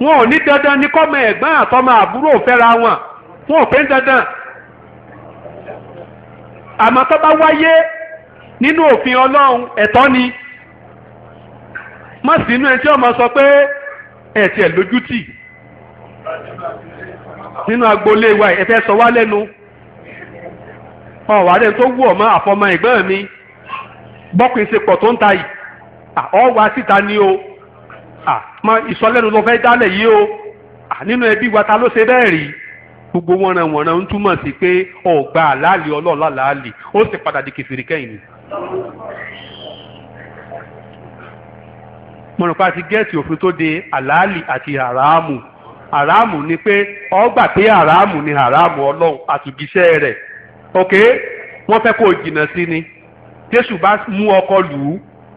wọn ò ní dandan ní kọ́mọ ẹ̀gbọ́n àtọmọ àbúrò fẹ́ra wọn wọn ò pé ń dandan àmọ́ tó bá wáyé nínú òfin ọlọ́run ẹ̀tọ́ ni má sínú ẹni tí ọmọ sọ pé ẹ̀tì ẹ̀ lójútì nínú agboolé wa ẹ fẹ́ sọ wá lẹ́nu ọ̀wá rẹ̀ tó wù ọ́ mọ́ àfọmọ ẹ̀gbọ́n mi bọ́kùn ìsepọ̀ tó ń ta yìí ọ̀ wá síta ni o à mọ ìsọlẹ́nu ló fẹ́ dálẹ̀ yìí o à nínú ẹbí wa ta ló ṣe bẹ́ẹ̀ rí gbogbo wọn ràn wọn ràn ń túmọ̀ sí pé ọ̀gbà àlàálì ọlọ́ọ̀lá làálì ó sì padà di kẹfìrí kẹ́yìn ni. mo rò pé a ti gẹ́ẹ̀tì òfin tó de àlàálì àti àràámù àràámù ni pé ọgbà pé àràámù ni àràámù ọlọ́run àtùbíṣẹ́ rẹ̀ ok wọ́n fẹ́ kó jìnnà sí ni jésù bá mú ọkọ lù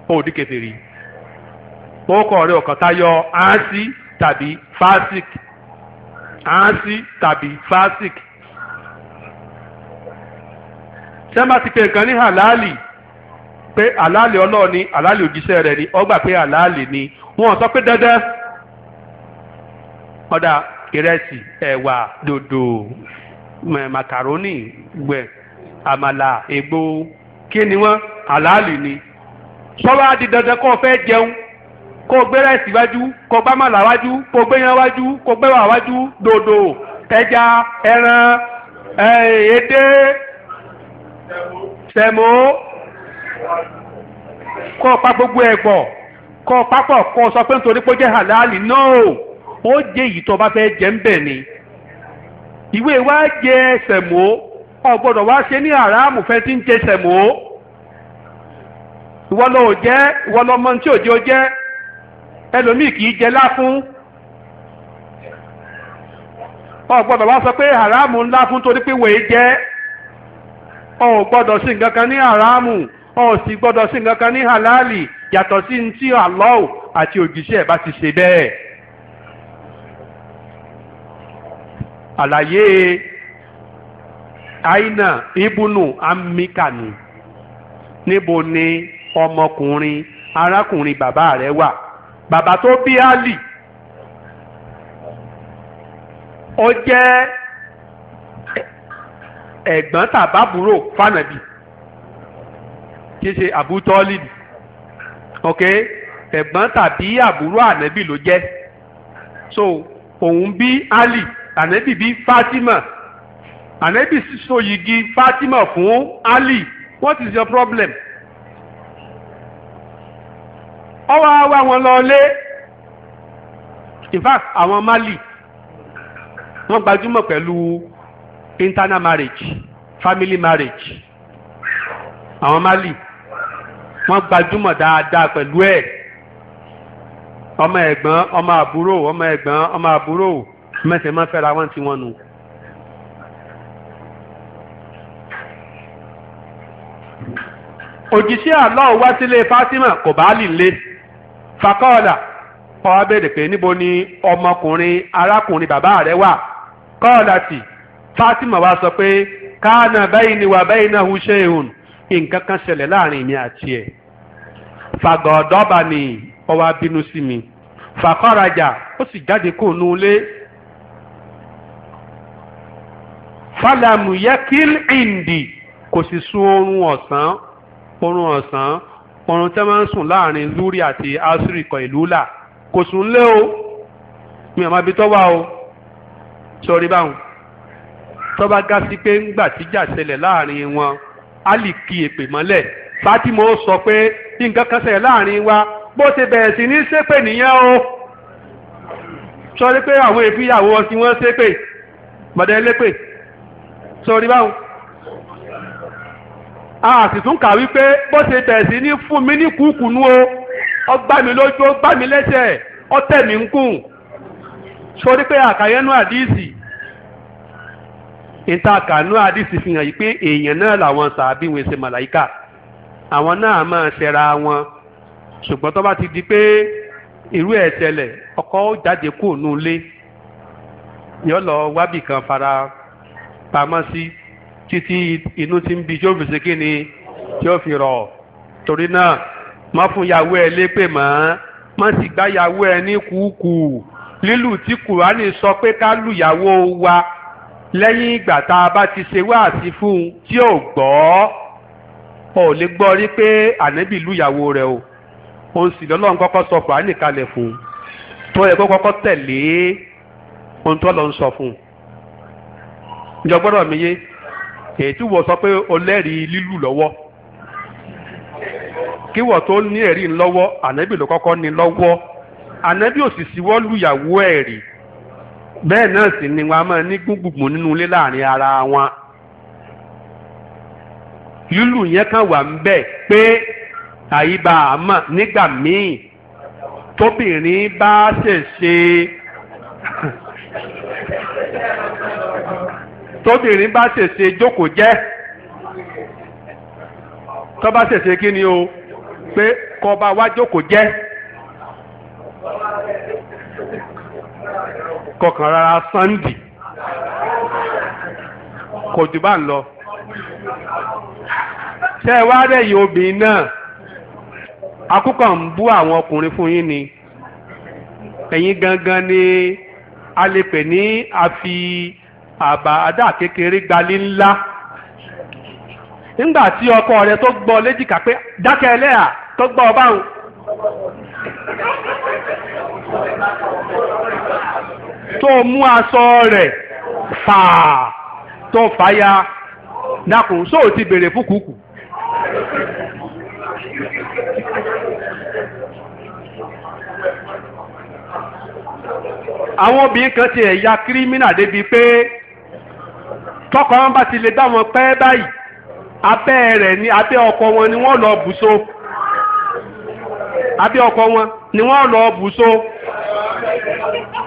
ú ó di kẹfìrí. kókó ọrịa ọ̀kan tayọ ansi tàbí fasik ansi tàbí fasik. sẹ́mbà ti pè nǹkan ní halali pé halali ọlọ́ọ̀ ni òjíṣẹ́ rẹ̀ ni ọgbà pé halali ni wọ́n sọ pé dandan ọ̀dà ìrẹsì ẹ̀wà dòdò màkàrónì àmàlà kí ni ni di kó gbé rẹ́sì wájú kó gbá màlà wájú kó gbé yan wájú kó gbé wà wájú dòdò tẹja ẹran èdè sẹ̀mó kó pa gbogbo ẹ̀ pọ̀ kó papọ̀ kó sọ pé nítorí pé ó jẹ́ halali náà ó jẹ́ èyí tó bá fẹ́ jẹ́ ń bẹ̀ ni ìwé wa jẹ́ sẹ̀mó ọ̀gbọ́dọ̀ wá ṣe ní àràmù fẹ́ tí ń jẹ sẹ̀mó ìwọ lọ ò jẹ́ ìwọ lọ mọ tí ò jẹ́ ó jẹ́ ẹlòmíì kì í jẹ láfún ọ gbọ́dọ̀ wá sọ pé haramu ńlá fún torí pé wèé jẹ ọ gbọ́dọ̀ sí nǹkan kan ní haramu ọ sì sí nǹkan kan ní halali yàtọ̀ sí ní tí Allah àti òjíṣẹ́ bá ti ṣe bẹ́ẹ̀. àlàyé aina ibùnú amikani níbo ni ọmọkùnrin arákùnrin bàbá rẹ̀ wà bàbá tó bí Ali ó jẹ́ ẹ̀gbọ́n tàbábúrò fànàbì kì í ṣe àbútọ́lìbì ok ẹ̀gbọ́n tàbí àbúrò ànábì ló jẹ́ so òun bí Ali ànábì bí Fatima ànábì sì so yìgì Fatima fún Ali what is your problem? ọwọ́ wá wọn lọ lé in fact àwọn Mali wọ́n gbajúmọ̀ pẹ̀lú internal marriage family marriage àwọn Mali wọ́n gbajúmọ̀ dáadáa pẹ̀lú ẹ̀ ọmọ ẹ̀gbọ́n ọmọ àbúrò ọmọ ẹ̀gbọ́n ọmọ àbúrò mẹsẹ̀ máa fẹ́ra wọn tí wọ́n nu. òjìṣẹ́ àlọ́ wá sílé Fatima kò bá lì lé fakọ́ọ̀là wọ́n wá béèrè pé níbo ni ọmọkùnrin arákùnrin bàbá rẹ̀ wà kọ́ọ̀là tì Fatima wá sọ pé káànà bẹ́yìn ni wà bẹ́yìn náà ṣe ìhùn nǹkan kan ṣẹlẹ̀ láàrin mi àti ẹ̀ fàgọ̀ọ́dọ́bà ni ó wá bínú sí mi fàkọ́rajà ó sì jáde kó nu ilé fàlàmù yẹ kíl kò sì sun oorun ọ̀sán oorun ọ̀sán ọ̀run tẹ́ máa ń sùn láàrin lúrí àti asiri kan ìlú là kò sùn lé o mi ò máa bi tọ́wá o sọrí báwọn tọ́ba gá sí pé ńgbà tíjà ṣẹlẹ̀ láàrin wọn á lè kí èpè mọ́lẹ̀ Fatima ó sọ pé bí nǹkan kan ṣẹlẹ̀ láàrin wa bó ṣe bẹ̀rẹ̀ sí ní ṣépè nìyẹn o sọrí pé àwọn èéfíyàwó wọn tí wọ́n ṣépè mọ̀dẹ́ sọrí báwọn a sì tún kà wípé bó ṣe bẹ̀rẹ̀ sí ní fún mi ní kúkúnú o ó gbá mi lójú ó gbá mi lẹ́sẹ̀ ó tẹ̀ mí ń kùn sórí pé àkàyẹ́nú àdìsí ìtakànú àdìsí fi hàn yìí pé èèyàn náà làwọn sàbí wọn ṣe màláìkà àwọn náà máa ṣẹra wọn ṣùgbọ́n tó bá ti di pé irú ẹ̀ ṣẹlẹ̀ ọkọ jáde kúrò nù yọ lọ wábì kan fara pamọ́ sí. Si títí inú ti ń bi tí ó fi ṣe kí ni tí ó fi rọ̀ torí náà má fún yàwó ẹ lépè mọ́ má sì gbá yàwó ẹ ní kùkù lílù tí kùránì sọ pé ká lù yàwó wa lẹ́yìn ìgbà tá a bá ti ṣe wáàsí fún un tí ò gbọ́ ọ ò lè gbọ́ rí pé ànábì lù yàwó rẹ o òun sì lọ́lọ́run kọ́kọ́ sọ kùránì kalẹ̀ fún un tó yẹ kó kọ́kọ́ tẹ̀lé ohun tó lọ ń sọ fún un ìjọ gbọ́dọ̀ mi yé èyí wọ́n sọ pé o lẹ́rìí lílù lọ́wọ́ kí wọ́n tó ní ẹ̀rí ńlọ́wọ́ ànábì ló kọ́kọ́ ní lọ́wọ́ ànábì ò sì síwọ́ lùyàwó ẹ̀ rí bẹ́ẹ̀ náà sì ni wọn a máa ní gbùngbùn nínú ilé láàrin ara wọn lílù yẹn kan wà ń bẹ̀ pé àyíbá àmọ́ nígbà míì tóbìnrin bá ṣèṣe. tóbìnrin bá ṣèṣe jókòó jẹ́ tó bá ṣèṣe kí ni o pé kó bá wá jókòó jẹ́ kọkàn rárá sànńdì kò jù bá ń lọ ṣé ẹ wá rẹ̀ yìí obìnrin náà akúkọ ń bú àwọn ọkùnrin fún yín ni ẹ̀yin gangan ni a lè pè ní àfi. àbàdà kékeré gbalé ńlá nígbà tí ọkọ rẹ tó gbọ́ léjìká pé dákẹ́ ẹlẹ́yà tó gbọ́ ọ báwọn. tó mú aṣọ rẹ fà tó fàáya dákun sóò ti bèrè fún kùkù. àwọn obìnrin kan ti ya kírímínà débi pé. tọkọ wọn bá ti lè bá wọn pẹ́ báyìí abẹ́ rẹ̀ ni abẹ́ ọkọ wọn ni wọ́n lọ bùṣọ abẹ́ ọkọ wọn ni wọ́n lọ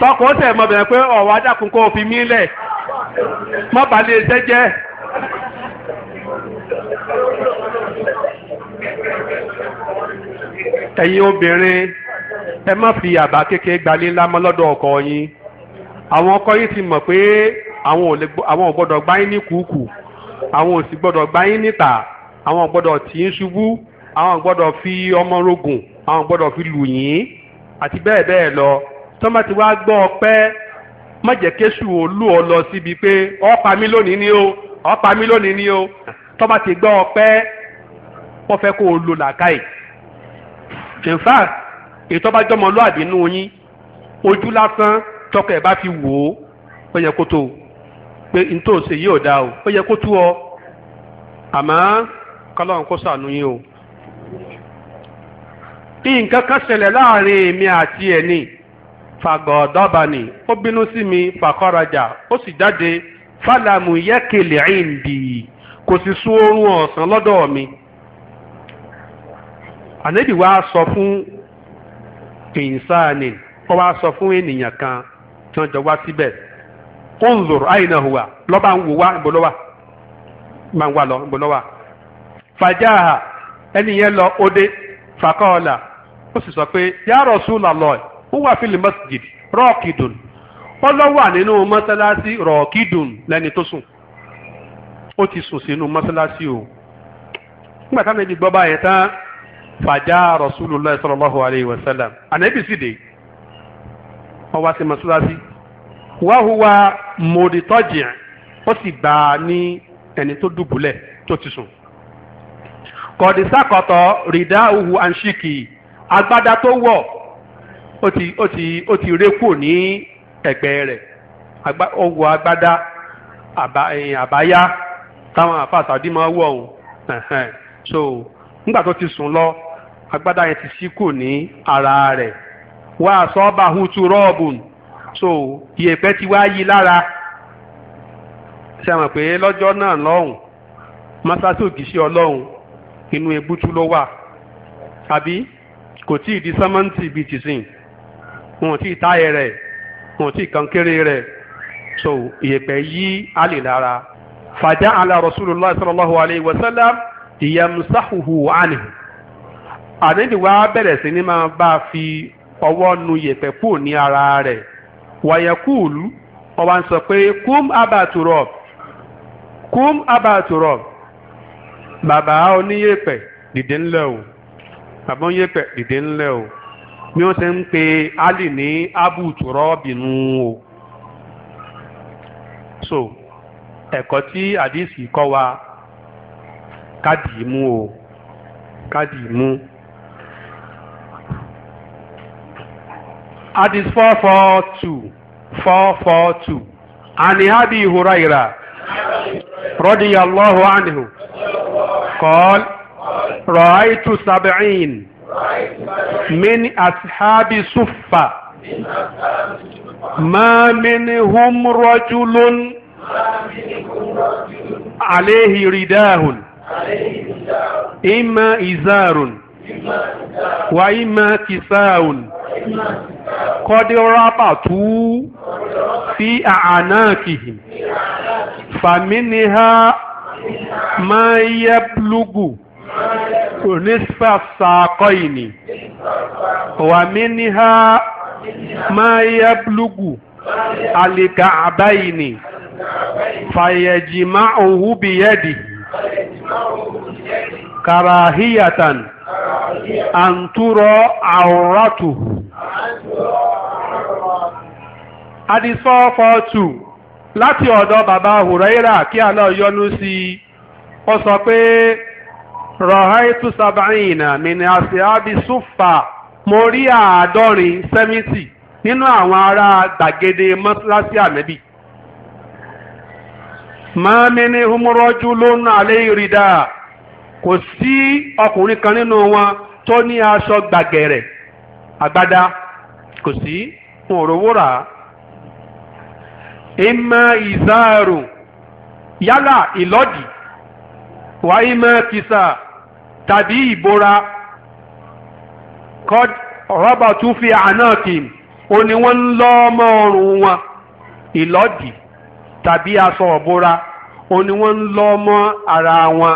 tọkọ tẹ̀ mọ̀ bẹ̀rẹ̀ pé fi mí lẹ̀ mọ́ balẹ̀ jẹ́. ọkọ yín àwọn ọkọ yín ti àwọn ò lè àwọn ò gbọ́dọ̀ gbá yín ní kùkù àwọn ò sì gbọ́dọ̀ gbá yín níta àwọn ò gbọ́dọ̀ tì í ṣubú àwọn ò gbọ́dọ̀ fi ọmọ rogùn àwọn ò gbọ́dọ̀ fi lù yín àti bẹ́ẹ̀ bẹ́ẹ̀ lọ tọ́mọ ti wá gbọ́ ọ pẹ́ má jẹ́ kéṣù ọ lọ síbi pé ọ pa mí lónìí ni o ọ pa mí lónìí ni o tọ́mọ ti gbọ́ ọ pẹ́ wọ́n fẹ́ kó o lo làákàyè in fact ètò ọba jọmọ lọ àbínú yín ojú lásán tọkọ ẹ bá fi wò ó pé yẹ pé n tó ṣe yìí ò o ó yẹ kó tú ọ àmọ́ kọ́lọ́run kó ṣàánú yín o. nǹkan kan ṣẹlẹ̀ láàrin èmi àti ẹ̀ ni fàgọ̀ọ́dọ́bà ni ó bínú sí mi fàkọ́rajà ó sì jáde fálàmù yẹ́kẹ̀lẹ̀ àìǹdì kò sì sún oorun ọ̀sán lọ́dọ̀ mi. ànábì wa sọ fún ìǹsáàní ó wá sọ fún ènìyàn kan tí wọ́n jọ wá síbẹ̀. Si unzur aina huwa lọ́ba ń wò wá ìbò lọ́wà máa ń wà lọ Ode Fakola o si yẹn pe ya Rasulullah huwa fil masjid rọ́ọ̀kìdùn ó lọ wà na mọ́sálásí rọ́ọ̀kìdùn lẹ́ni tó O ti sùn sínú o nígbà táwọn ẹbí gbọ́ báyẹn tán fàjà wa sallam sì dé wọ́n wá sí masalasi. mòrìtọ́jì ó sì gbà á ní ẹni tó dùbúlẹ̀ tó ti sùn. kọ̀dísàkọ̀tọ̀ rìdá òhù àǹṣìkì agbádá tó wọ̀ ó ti o ti ó ti ní ẹ̀gbẹ́ rẹ̀ ó wọ agbádá àbáyá táwọn àfáà Saudi máa wọ̀ ọ̀hún so nígbà tó ti sùn lọ agbádá yẹn ti ṣí kù ní ara rẹ̀ wá sọ́ọ́bà so ìyẹ̀pẹ̀ ti wá yí lára ṣe mọ̀ pé lọ́jọ́ náà lọ́hùn masasi ògìṣì ọlọ́hùn inú ebútú ló wà àbí kò tí ì di sẹ́mẹ́ǹtì bíi tìsín wọn tí ì táyẹ rẹ̀ wọn tí ì kankéré rẹ̀ so ìyẹ̀pẹ̀ yí alè lára fàjà àlà rasulillah sallallahu alayhi wa sallam ìyàmùsáhùhù ànì àníbi wa bẹ̀rẹ̀ sí ni máa bá a fi ọwọ́ nu yẹ̀pẹ̀ kúrò ní ara rẹ̀ wàyẹ̀kúùlù ọba ń sọ pé kúm abaturọ kúm abaturọ bàbá oníyèpẹ̀ dìde ńlẹ̀ o bàbá oníyèpẹ̀ dìde ńlẹ̀ o bí wọ́n ṣe ń pe ali ní abuturọ bínú o so ẹ̀kọ́ tí àdìsí kọ́ wa káàdì mú o káàdì mú. hadith four four two four four two ani abi huraira radiyallahu anhu qal ra'aytu sab'in min ashabi suffa ma minhum rajulun عليه رداه إما إزار وإما كساء kọ́dírọ́bà tú fi àánáàkìhì fàmínìhà máa yẹ plúgù onísfà sàkọ́ìnì wàmínìhà máa yẹ plúgù alìkàbáìnì fàyẹ̀jìmá òhù bìyẹ́dì kàràhíyàtàn àǹtúrọ̀ àwòrátù. hadith four lati two láti ọ̀dọ̀ bàbá hùrẹ́rà kí àlọ́ yọ́nú sí i ó sọ pé rọ̀háìtú sàbáyìnà mìíràn àti mo rí àádọ́rin sẹ́mìtì nínú àwọn ará gbàgede mọ́sálásí àmẹ́bí mọ́mí ní humurọ́jú lónà alẹ́ ìrìdá kò kan nínú wọn tó ní aṣọ gbàgẹ̀rẹ̀ àgbádá kò sí wọn ìmọ̀ izaru yala ilodi, wà ìmọ̀ kìsà tàbí ìbora kọ́d rọ́bà tún fi àná kìm ó ní wọ́n ń lọ́ ọmọ ọrùn wọn ìlọ́dì tàbí aṣọ ọ̀bora ó ní wọ́n ń lọ́ ọmọ ara wọn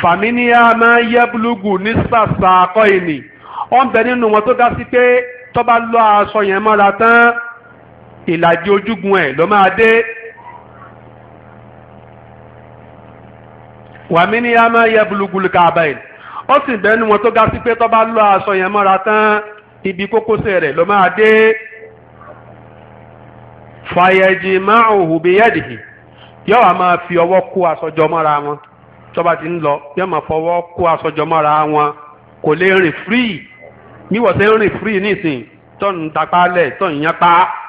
fàmíníà máa yẹ búlúgù ní sàṣà akọ́ ìní ọ̀nbẹ nínú wọn tó dá sí pé tó bá lọ aṣọ yẹn mọ́ra tán ìlàjì ojúgun ẹ̀ ló máa dé. wàmí ni a máa yẹ bulugulu káàbà yìí ó sì bẹ́ẹ̀ wọn tó ga sí pé tó bá lọ aṣọ yẹn mọ́ra tán ibi kókósẹ̀ rẹ̀ ló máa dé. fàyẹ̀jì máa òhù bí yẹ́dìhì yóò wá máa fi ọwọ́ kó aṣọ jọ mọ́ra wọn tó bá ti ń lọ yóò máa fọwọ́ kó aṣọ mọ́ra wọn kò lè rìn fírì níwọ̀sẹ̀ ń rìn fírì nísìnyí tó ń tapá lẹ̀ tó ń yán pa á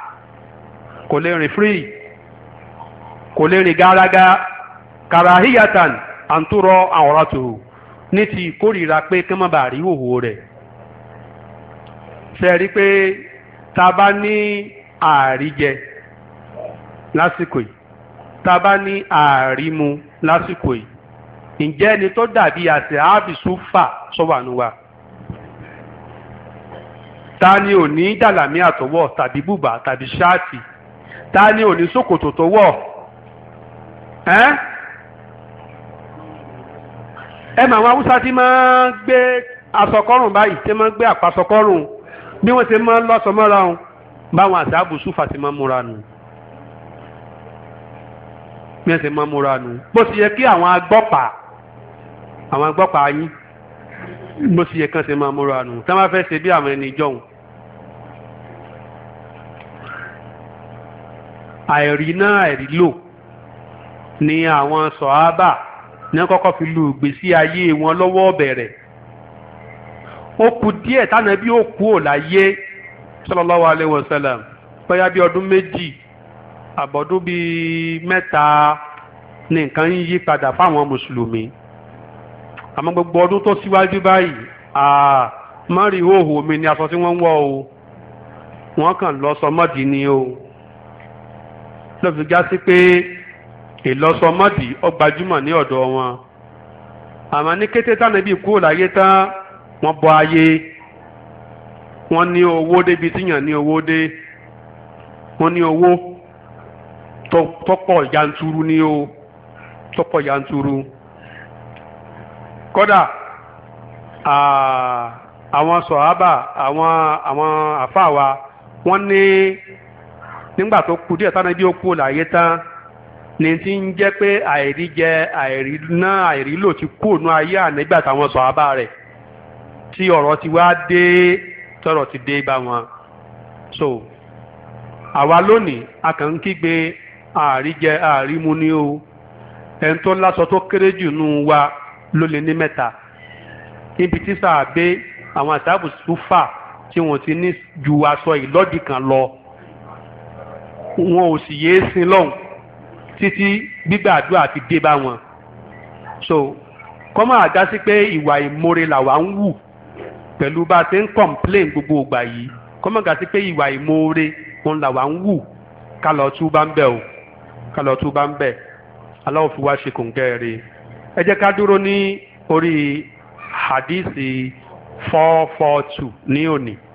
kò lè rìn free kò lè rìn gárágá karahiyatan àǹtúrọ àwòrátò ní ti kórìíra pé kí wọ́n bá rí òwò rẹ̀ ṣe rí pé tá a bá ní àríjẹ lásìkò yìí tá a bá ní àrímu lásìkò yìí ǹjẹ́ ẹni tó dàbí àti àábìsú fà sọ́wọ́ ànúwà ta ni ò ní dàlàmí àtọwọ́ tàbí bùbà tàbí ṣáàtì ta ni ò ní ṣòkòtò tó wọ̀ ẹ́ ẹ mà àwọn haúsá tí máa ń gbé asọkọrùn báyìí tí máa ń gbé àpasọkọrùn bí wọ́n ti máa ń lọ́sọ mọ́ra wọn báwọn àdáàbò sùfà ti máa ń múra nù bí wọ́n ti máa ń múra nù bó ti yẹ kí àwọn agbọ́pà àwọn agbọ́pà yín bó ti yẹ kán ti máa múra nù tí wọ́n bá fẹ́ ṣe bí àwọn ẹni jọ̀hún. àìrí náà àìrí lò ni àwọn sọ̀hábà ní kọ́kọ́ fi lu ìgbésí ayé wọn lọ́wọ́ bẹ̀rẹ̀ ó kù díẹ̀ tánàbí ó kú ò láyé sallallahu alaihi wasallam bóyá bí ọdún méjì àbọ̀dún bíi mẹ́ta ni nǹkan ń yí padà fáwọn mùsùlùmí àmọ́ gbogbo ọdún tó síwájú báyìí mọ́rin ìhòòhò mi ni aṣọ tí wọ́n ń wọ̀ o wọ́n kàn lọ sọmọ́dì ni o ló fi já sí pé ìlọsọmọdì ọgbàjúmọ̀ ní ọ̀dọ̀ wọn àmọ́ ní kété tánàbí kúrò láyé tán wọ́n bọ ayé wọ́n ní owó débi tíyàn ní owó dé wọ́n ní owó tọ́pọ̀ yanturu ní o tọ́pọ̀ yanturu kódà àwọn sọ̀hábà àwọn àwọn àfáà wa wọ́n ní nígbà tó kú díẹ̀ tánà bí ó kú láyé tán ní ti ń jẹ́ pé àìrí jẹ àìrí ná àìrí lò ti kú ònú ayé ànígbà táwọn sọ abá rẹ̀ tí ọ̀rọ̀ ti wá dé tọ̀rọ̀ ti dé bá wọn. so àwa lónìí a kàn ń kígbe àìrí jẹ àìrí mu ní o ẹni tó láṣọ tó kéré jù nù wa ló lè ní mẹ́ta níbi tí sáà gbé àwọn àtàbùsùfà tí wọ́n ti ní ju aṣọ ìlọ́dì kan lọ wọn ò sì yéé sin lọ́hùn títí gbígbàdúrà ti dé bá wọn so kọ́mọ́ àdá pé ìwà ìmoore làwa ń wù pẹ̀lú bá a ti ń complain gbogbo ìgbà yìí kọ́mọ́ àdá sí pé ìwà ìmoore òun làwa ń wù kálọ̀ tú bá ń bẹ̀ o kálọ̀ tú bá ń bẹ̀ aláwọ̀ fi wá ṣe kòǹgẹ́ rẹ̀ ẹ jẹ́ ká dúró ní orí hadisi four four two ní òní.